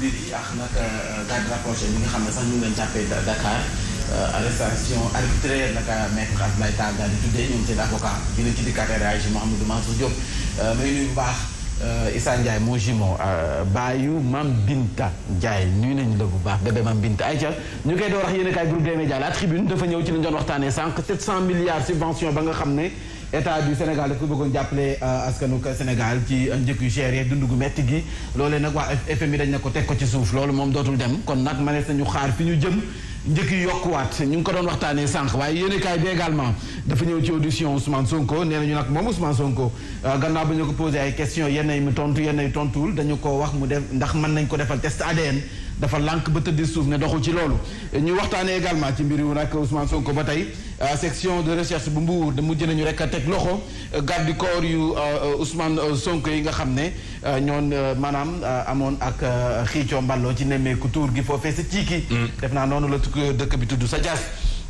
mbir yi ak naka garde euh, rapproché bi nga xam ne sax ñu ngi leen jàppee Dakar euh, arrestation arbitraire naka maître Abdoulaye Tall daal di tuddee ñoom seen avocat dinañ ci dikkaat réagi euh, baax Issa Ndiaye moo jumeau baayu Mam Binta Ndiaye nuyu nañu la bu baax bébé Mam Binta ay ca ñu koy door wax yéen a kaay groupe des médias la tribune dafa ñëw ci lañ doon waxtaanee milliards subvention ba nga xam ne état du Sénégal dafa bëggoon jàppale euh, askanu Sénégal ci njëkk yu cher dund gu metti gi loolee nag waa FMI dañ ne ko teg ko ci suuf loolu moom dootul dem kon nag mënees nañu xaar fi ñu jëm njëkk yi yokkuwaat ñu ngi ko doon waxtaanee sànq waaye yéenekaay bi également dafa ñëw ci audition Ousmane Sonko nee nañu nag moom Ousmane Sonko euh, gannaaw ba ñu ko posé ay questions yenn yi mu tontu yenn yi tontuwul dañu ko wax mu def ndax mën nañ ko defal test dafa lànk ba tëdd suuf ne doxul ci loolu ñu waxtaanee également ci mbir yu nag Ousmane Sonko ba tey euh, section de recherche bu Mbour de mujj nañu a teg loxo euh, garde corps yu euh, Ousmane sonk yi nga xam ne ñoon maanaam amoon ak xiicoo mballoo ci nemmeeku tuur gi foofee sa ciiki mm. def naa noonu la dëkk bi tudd sa jaas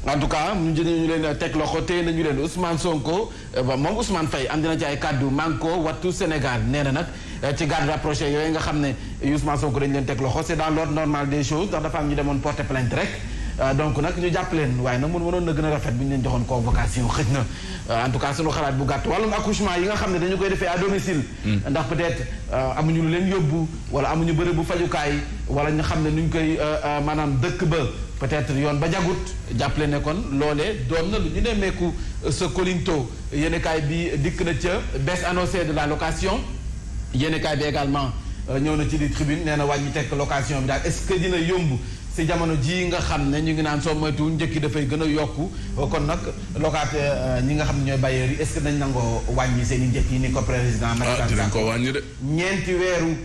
en tout cas mu jël leen teg loxo téye nañu leen Ousmane Sonko euh, ba moom Ousmane Faye am dina ci ay kàddu manko wattu Sénégal nee na nag euh, ci garde rapproché yooyu nga xam ne Ousmane Sonko dañu leen teg loxo c'est dans l'ordre normal des choses ndax dafa am ñu demoon porter plainte rek euh, donc nag ñu leen waaye nag mun mënoon na gën a rafet bu ñu xalaat bu gàtt wàllum accouchement yi nga xam ne dañu koy defee à domicile hmm. ndax peut-être amuñu lu leen yóbbu wala amuñu bërëb bu fajukaay wala ñu xam ne nuñ koy maanaam dëkk ba peut-être yoon ba jagut jàppale ne kon loole doom na lu ñu nemmeeku sa euh, kolinto yéenekaay bi dikk na ca baisse annoncée de la location yéenekaay bi également euh, ñëw na ci di tribune nee na wàññi tekk location bi daal est-ce que dina yomb si jamono ji nga xam ne ñu ngi naan soo moytuwul njëkki dafay gën a yokk euh, kon nag locataire ñi nga xam ne ñooy bailleurs yi est-ce que dañ nangoo wàññi seen i njëkk yi ni ko président Macky Sall ah, dinañ ko wàññi de ñeenti weeru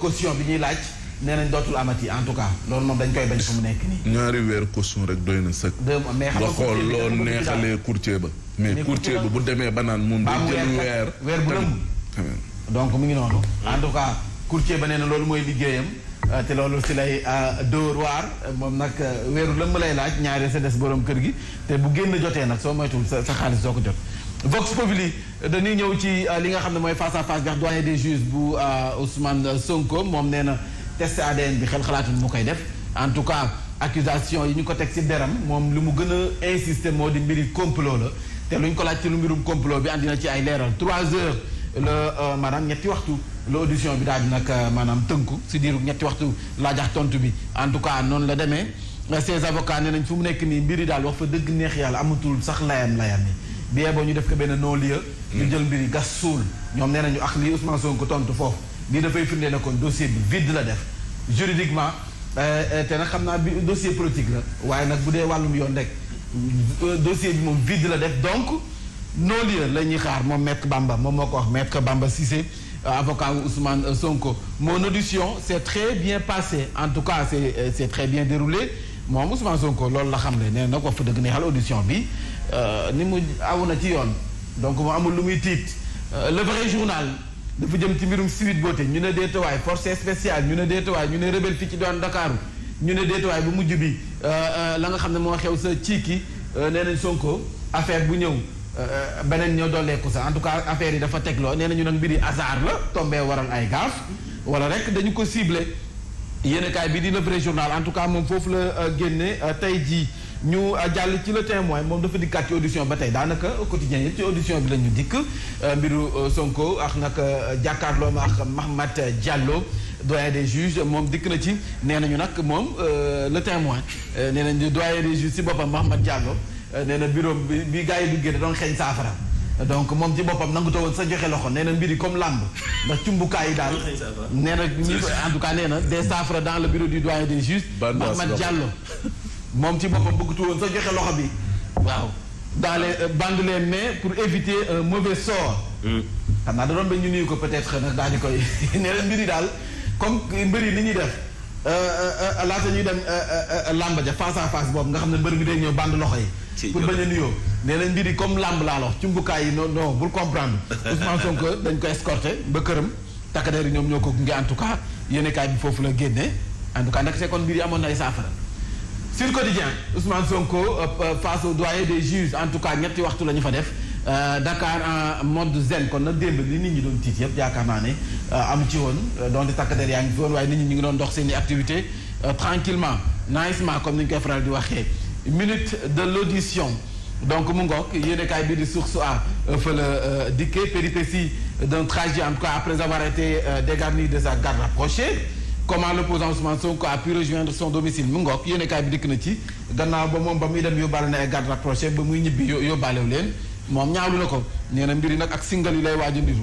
caution bi ñuy laaj nee nañ dootul amati en tout cas loolu moom dañ koy bañ fu mu nekk nii. ñaari weer caution rek doy na sëkk. mais xam nga xool bu demee ba naan moom day jël weer weer mu ngi noonu. en tout cas courtier ba na loolu mooy liggéeyam. Euh, te loolu si lay euh, dóor waar moom nag euh, weeru lëmm lay laaj ñaari sa des boroom kër gi te bu génn jotee nag soo moytuwul sa sa xaalis soo ko jot. Vox Populi dañuy ñëw ci li nga xam ne mooy face à face ndax doyen des juges bu Ousmane Sonko moom nee na. test ADN bi xel xalaatul mu koy def en tout cas accusation yi ñu ko teg ci deram moom lu mu gën a insister moo di mbiri complot la te lu ñu ko laaj ci lu mbirum complot bi andi na ci ay leeral trois heures la euh, maanaam ñetti waxtu la audition bi daal di nag euh, maanaam tënku si diiru ñetti waxtu laajax tontu bi en tout cas noonu la demee ses avocats nee nañ fi mu nekk nii mbir yi daal wax fa dëgg neex yàlla amatul sax layam layam yi bi yeboo ñu def ko benn non lieu mm. jël mbir yi suul ñoom nee nañu ak lii Ousmane Sonko tontu foofu lii dafay firndee ne kon dossier bi vide la def juridiquement euh, euh, te nag xam naa bi dossier politique la waaye nag bu dee wàllum yoon rek euh, dossier bi moom vide la def donc non lieu la ñuy xaar moom maître Bamba moom moo ko wax maître Bamba Cissé avocat Ousmane Sonko mon audition s'est très bien passée en tout cas c'est c'est très bien déroulé moom Ousmane Sonko loolu la xam ne nee na ko fa dëgg neexal audition bi ni mu aw na ci yoon donc mu amul lu muy tiit le vrai journal dafa jëm ci mbirum Sweet Beauté ñu ne déetuwaay force spéciale ñu ne déetuwaay ñu ne rebelle fii ci doon Dakaaru ñu ne déetuwaay bu mujj bi euh, euh, la nga xam ne moo xew sa ciiki euh, nee nañ Sonko affaire bu ñëw beneen ñoo dooleeku sa en tout cas affaire yi dafa tegloo nee nañu nag mbiri hasard la tombee waral ay gaaf wala rek dañu ko sible yéen bi di le vrai journal en tout cas moom foofu la génne tey jii ñu euh, jàll ci le témoin moom dafa dikkaat ci audition ba tey daanaka quotidien yi ci audition bi la ñu dikk euh, mbiru euh, Sonko ak nag jàkkaarloom ak Mahmat Diallo doyen des juges moom dikk na ci nee nañu nag moom le témoin nee nañu doyen des juges si boppam Mahmat jàlloo nee na bureau bi bi gars yi duggee da doon xeeñ saafara donc moom ci boppam nangu woon sa joxe loxo nee na mbiri comme làmb ndax cumbukaay yi daal nee na en tout cas nee na des saafara dans le bureau du des juges Mahmat Diallo moom ci boppam bëggatu woon sax joxe loxo bi waaw daale les lee mais pour éviter un mauvais sort. Hmm. xam naa da doon ba ñu nuyu ko peut-être nag daal di koy nee na mbiri daal comme mbir yi ni ñuy def euh, euh, euh, laata ñuy dem làmb ja face a face boobu nga xam ne mbër mi day ñëw bande loxo yi. pour bañ a nuyoo nee mbiri comme làmb laa lox cumbukaay yi non non bul comprendre Ousmane Sonko dañ ko escorté ba këram takk der yi ñoom ñoo ko gunge en tout cas yéenekaay bi foofu la génnee en tout cas kon mbir amoon ay saafara. sur quotidien Ousmane Sonko euh, euh, face au doyen des juges en tout cas ñetti waxtu la ñu fa def euh, Dakar en mode zen kon nag démb li nit ñi doon tiit yëpp yaakaar naa ne am ci woon donte takk der yaa ngi fi woon waaye nit ñi ñu ngi doon dox seen i activité tranquillement naïsement comme ni ñu koy faral di waxee minute de l'audition donc mu ngoog yéenekaay bi di Source A fa la dikkee péripétie d'un trajet en tout cas après avoir été dégarni de sa garde rapprochée comment l'opposant Ousmane Sonko a pu rejoindre son domicile mu ngoog yéen kaay bi dikk na ci gannaaw ba moom ba muy dem yóbbaale na ay garde rapproché ba muy ñibbi yóbbaalew leen moom ñaawlu na ko nee na nag ak singal yi lay waaj a ndiru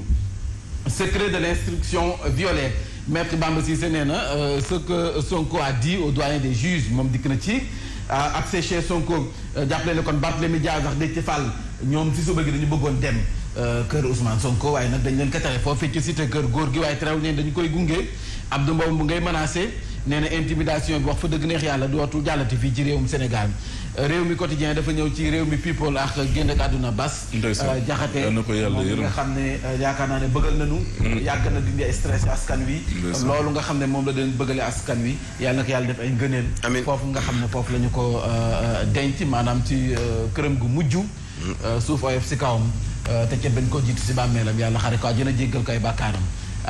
secret de l'instruction violée maître Bamba Cissé nee na euh, ce que Sonko a di au doyen des juges moom dikk na ci euh, ak ses chez Sonko euh, jàppale ne kon Barthélémy Dias ak Déthié Fall ñoom si suba gi dañu bëggoon dem Euh, kër Ousmane Sonko waaye nag dañ leen ko tere foofu ci kër góor gi waaye terew dañu koy gunge Abdou Mbow mu ngay menacé nee na intimidation bi wax dëgg neex yàlla dootul jàllati fii ci réewum Sénégal euh, réew mi quotidien dafa ñëw ci réew mi people ak génn àdduna bas jaxate euh, moom mi nga xam ne yaakaar naa ne bëggal nañu mm. yàgg na dindi ay stress askan wi loolu nga xam ne moom la doon bëggale askan wi yàlla na ko yàlla def ay foofu nga xam ne foofu la ñu ko denc maanaam ci këram gu mujj mm. suuf oyof si kawam Euh, te kenn bañ koo jiitu si bàmmeelam yàlla xare ko àjjana jéggal ko ay bàkkaaram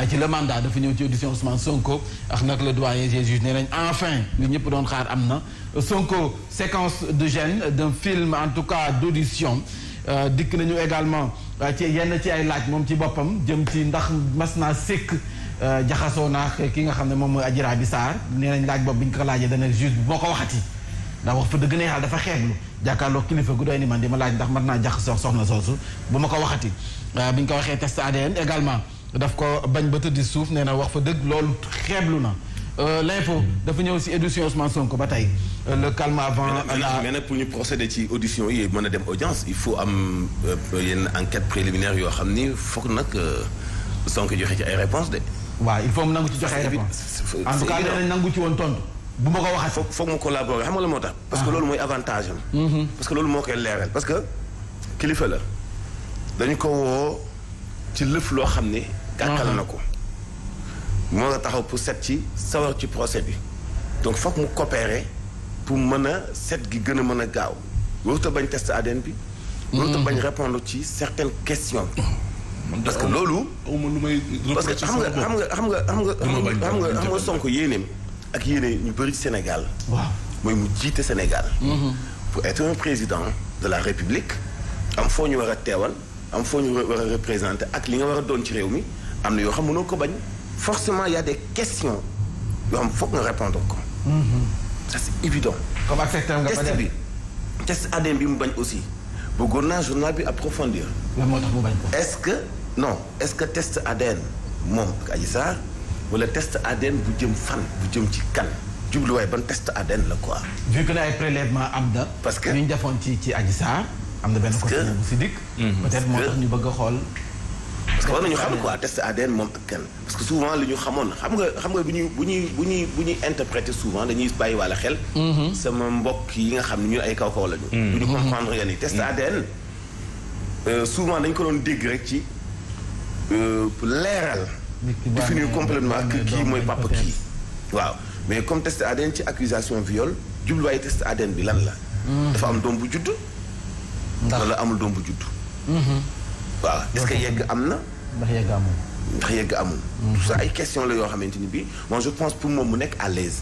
ci le mandat dafa ñëw ci audition Ousmane Sonko ak nag le doyen des juges nee nañ enfin li ñëpp doon xaar am na Sonko séquence de gêne d'un film en tout cas d'audition euh, dikk nañu également euh, ci yenn ci ay laaj moom ci boppam jëm ci ndax mas naa sékk jaxasoo naa ki nga xam ne moom mooy Adji Raby Sarr nee nañ laaj boobu bi ñu ko laajee dana juge bi boo ko waxati ndax wax fa dëgg ne yàlla dafa xeeblu jàkkaarloo kilifa gu doy ni man di ma laaj ndax mën naa jax sox soxna soosu bu ma ko waxati ah, bi ñu ko waxee test ADN également daf ko bañ ba tëddi suuf nee na wax fa dëgg loolu xeeblu na euh, l'info dafa ñëw si édition Ousmane sonk ba tey euh, le calme avant la mais nag pour ñu procéder ci audition yi mën a dem audience il faut am euh, yenn enquête préliminaire yoo xam ni foog nag Sonko joxe ci ay réponses de waa il faut mu nangu ci joxe ay réponses en tout cas woon tontu bu ma ko waxee foog foog mu collaborer xam nga la moo tax. parce que ah. loolu mooy avantage am. Mm-hmm. parce que loolu moo koy leeral parce que kilifa la dañu ko woo ci lëf loo xam ne. gàkkal na ah. ko. moo nga taxaw pour set ci sawar ci procès bi donc foog mu coopérer pour mën a set gi gën a mën a gaaw warut a bañ test ADN bi. warut a bañ mm-hmm. répondre ci certaines questions. parce que loolu. parce que xam nga xam nga xam nga xam nga xam nga Sonko yéeneem. ak yéene ñu bëri Sénégal. waaw mooy mu jiite Sénégal. Mhm. pour être un président de la République am foo ñu war a teewal am foo ñu war a représenter ak li nga war a doon ci réew mi am na yoo xam noo ko bañ forcément y a des questions yoo xam foog nga répondre ko. Mhm. ça c'est test bi test ADN bi mu bañ aussi bëggoon naa journal bi approfondir. lan moo tax mu bañ est-ce que non est-ce que test ADN moom ak Adji wala test ADN bu jëm fan bu jëm ci kan jubluwaay ban test ADN la quoi. vu que ne ay prélèvement am na. parce que ñu defoon ci ci Adji Sarr. am na benn côté si dikk. Mhm. peut-être moo tax ñu bëgg a xool. parce que war nañu xam quoi test ADN moom ak kan. parce que souvent li ñu xamoon xam nga xam nga bu ñuy bu ñuy bu ñuy bu ñuy interpréter souvent dañuy bàyyi wàlla xel. Mhm. sama mbokk yi nga xam ne ñun ay kaw kaw lañu. Mhm. du ñu comprendre yenn yi test ADN. Euh, souvent dañ ko doon dégg rek ci euh, leeral. définir complètement que kii mooy papa kii waaw mais comme test ADN ci accusation viol jubluwaayu test ADN bi lan la hmm. dafa am doom bu judd wala amul doom bu judd hmm. waaw est-ce yegg am na ndax yegg amul ndax yegg amul hmm. tout ay question la yoo xamante ni bii moi je pense pour moom mu nekk à l'aise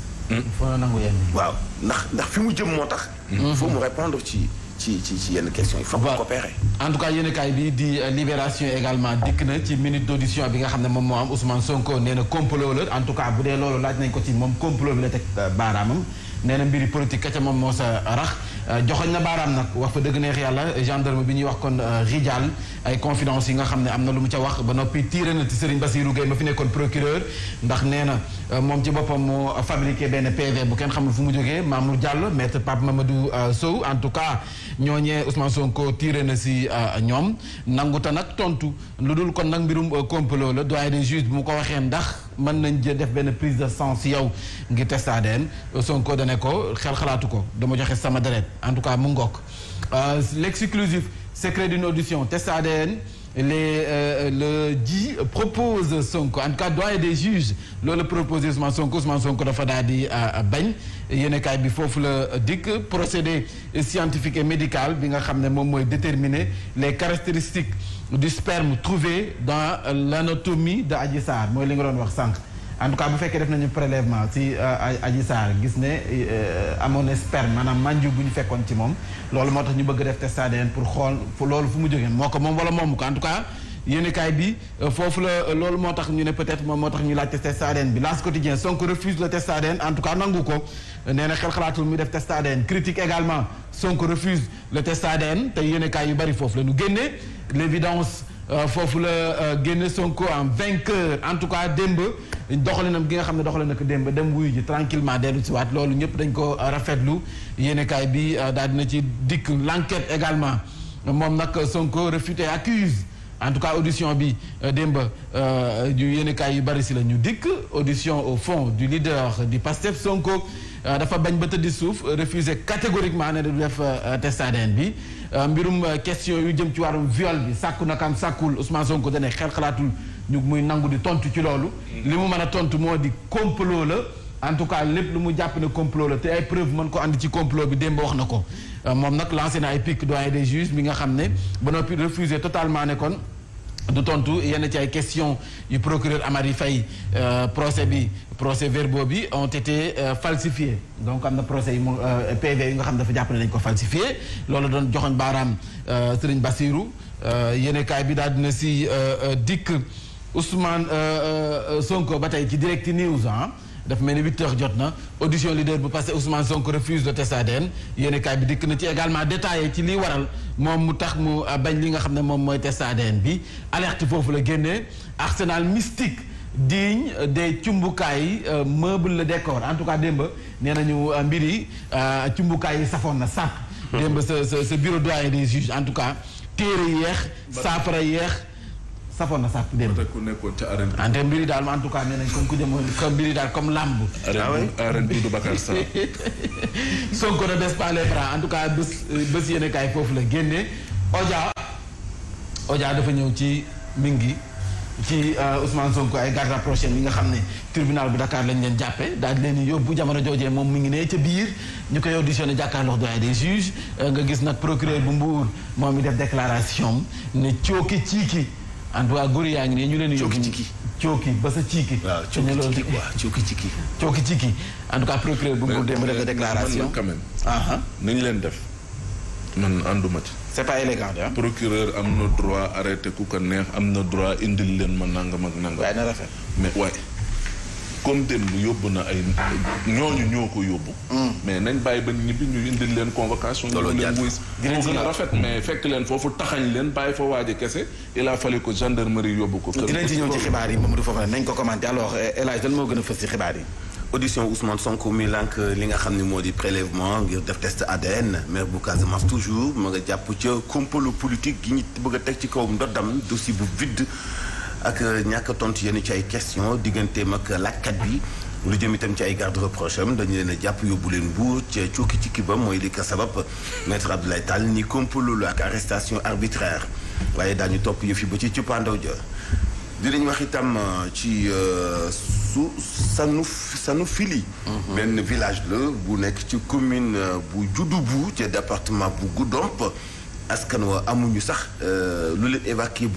waaw ndax ndax fi mu jëm moo tax il faut mu répondre ci ci ci ci yenn question yi foog nga coopérer en tout cas yéen kaay bi di euh, libération également dikk na ci minute d' bi nga xam ne moom moo am Ousmane Sonko nee na complot la en tout cas bu dee loolu laaj nañ ko ci moom complot bi la teg euh, baaraamam nee na mbiri politique ka ca moom moo sa rax euh, joxoñ na baaraam nag wax fa dëgg neex yàlla gendarme bi ñuy wax kon euh, rijaal ay confidence yi nga xam ne am na lu mu ca wax ba noppi tiire na ci Serigne Bassirou Gueye ma fi nekkoon procureur ndax nee na euh, moom ci boppam moo fabriqué benn PV bu kenn xamul fu mu jógee Mamour Diallo maître Pape du Sow en tout cas ñooñee Ousmane Sonko tiire na si ñoom nanguta nag tontu lu dul kon nag mbirum complot la doyen des mu ko waxee ndax mën nañ jël def benn prise de sang si yow ngir test Sonko da ne ko xel xalaatu ko dama joxe sama deret en tout cas mu ngook euh, l'exclusif secret d'une audition test ADN les euh, le ji propose Sonko en tout cas doyen des juges loolu proposé Ousmane Sonko Ousmane Sonko dafa daal di euh, bañ yéenekaay bi foofu la dikk procédé scientifique et médical bi nga xam ne moom mooy déterminer les caractéristiques du sperme trouvé dans l'anatomie de Adji Sarr mooy li nga doon wax sànq en tout cas bu fekkee def nañu prélèvement si euh, Adji Sarr gis ne euh, amoon na sperme maanaam manju bu ñu fekkoon ci moom loolu moo tax ñu bëgg def test ADN pour xool loolu fu mu jógee moo ko moom wala moom ko en tout cas yéenekaay bi euh, foofu la euh, loolu moo tax ñu ne peut-être moom moo tax ñu laaj test ADN bi L'As Quotidien Sonko refuse le test ADN en tout cas nangu ko euh, nee na xel xalaatul muy def test ADN critique également Sonko refuse le test ADN te yéenekaay yu bari foofu la ñu génnee l'évidence foofu la génne Sonko en vainqueur en tout cas démb doxalinam gi nga xam ne doxalin na ko démb dem wuyu ji tranquillement dellu si waat loolu ñëpp dañ ko rafetlu yéenekaay bi daal dina ci dikk l'enquête également moom nag Sonko réfuté accuse en tout cas audition bi euh, démb yu euh, yéenekaay yu bari si la ñu dikk audition au fond du leader du PASTEF Sonko euh, dafa bañ ba tëddi suuf refusé catégoriquement ne du def test bi mbirum question yu jëm ci wàllum viol bi sàkku na kam sàkkul Ousmane Sonko dane xel xalaatul ñu muy nangu di tontu ci loolu mm-hmm. li mu mën a tontu moo di complot la en tout cas lépp lu mu jàpp ne complot la te ay preuve mën ko andi ci complot bi démb wax na ko euh, moom nag lancé na ay pic doyen des juges mi nga xam ne ba noppi refusé totalement ne kon du tontu yenn ci ay question yu procureur Amary Faye euh, procès bi procès verbaux bi ont été euh, falsifiés donc am na procès yi mu PV yi nga xam dafa jàpp ne dañ ko falsifié loolu doon joxoñ baaraam Serigne Bassirou yéenekaay bi daal dina si dikk Ousmane Sonko ba tey ci Direct News ah dafa mel ni huit heures jot na audition leader bu passé Ousmane Sonko refuse de test ADN yéen kaay bi dikk na ci également détaillé ci lii waral moom mu tax mu euh, bañ li nga xam ne moom mooy test bi alerte foofu la génnee arsenal mystique digne des cumbukaay euh, meuble le décor en tout cas démb nee nañu euh, mbir yi cumbukaay yi safoon na sàpp démb sa sa sa bureau doyen des juges en tout cas téere yeex saafara yeex safoon na sàpp dem. ku nekkoon ca arène bi. ante mbiri daal en tout cas nee nañ comme ku jëmoon comme làmb. Ah Sonko ne baisse pas les bras en tout cas bés bés yéen kaay foofu la génnee. Oja Oja dafa ñëw ci ngi ci euh, Ousmane Sonko ay garde rapprochée bi nga xam ne tribunal bu Dakar lañ leen jàppe daal di leen yóbbu jamono joojee moom mi ngi ne ca biir ñu koy auditionné jàkkaarloo doyen des juges euh, nga gis nag procureur bu Mbour moom mi def déclaration ne cooki ciiki en tout cas góor yaa ngi nii ñu leen di. cooki ciki cooki ba sa ciiki. waaw cooki ciki waaw procureur bu nguur dem def déclaration man quand même. Ah, ah. leen def man ànduma ci. c'est pas élégant de procureur am na droit arrêté ku ko neex am na droit indil leen ma nanga ak nangam. waaye na rafet mais waaye. comme démb yóbbu na ay ñooñu ñoo ko yóbbu. Hmm. mais nañ bàyyi ba ñibbi ñu indil leen convocation. loolu ñu leen wuy moo gën a rafet hmm. mais fekk leen foofu taxañ leen bàyyi fa waaje kese il a fallu que gendarmerie ko. dinañ ci ñëw ci yi Mamadou Fofana nañ ko commenté alors eh, El Hadj moo gën a fës ci xibaar yi. audition Ousmane Sonko mi lànk li nga xam ne moo di prélèvement ngir def test ADN maire bu Casamance toujours ma nga jàpp ca complot politique gi ñu bëgg a teg ci kawam ndoddam dossier bu vide. ak euh, ñàkk a tontu yenn ci ay question digganteem ak laajkat bi lu jëm itam ci ay garde reproche am dañu leen a jàpp yóbbu leen buur ca cukki ci ba mooy li ko sabab maître Abdoulaye Tall ni kompalolu ak arrestation arbitraire waaye daañu topp yëf yi ba ci ci cuppaandaw ja dinañ wax itam euh, ci euh, su sanu sanu fili mhm. benn village la bu nekk ci commune bu juddu bu ca département bu Goudomp askan wa amuñu sax lu leen évacué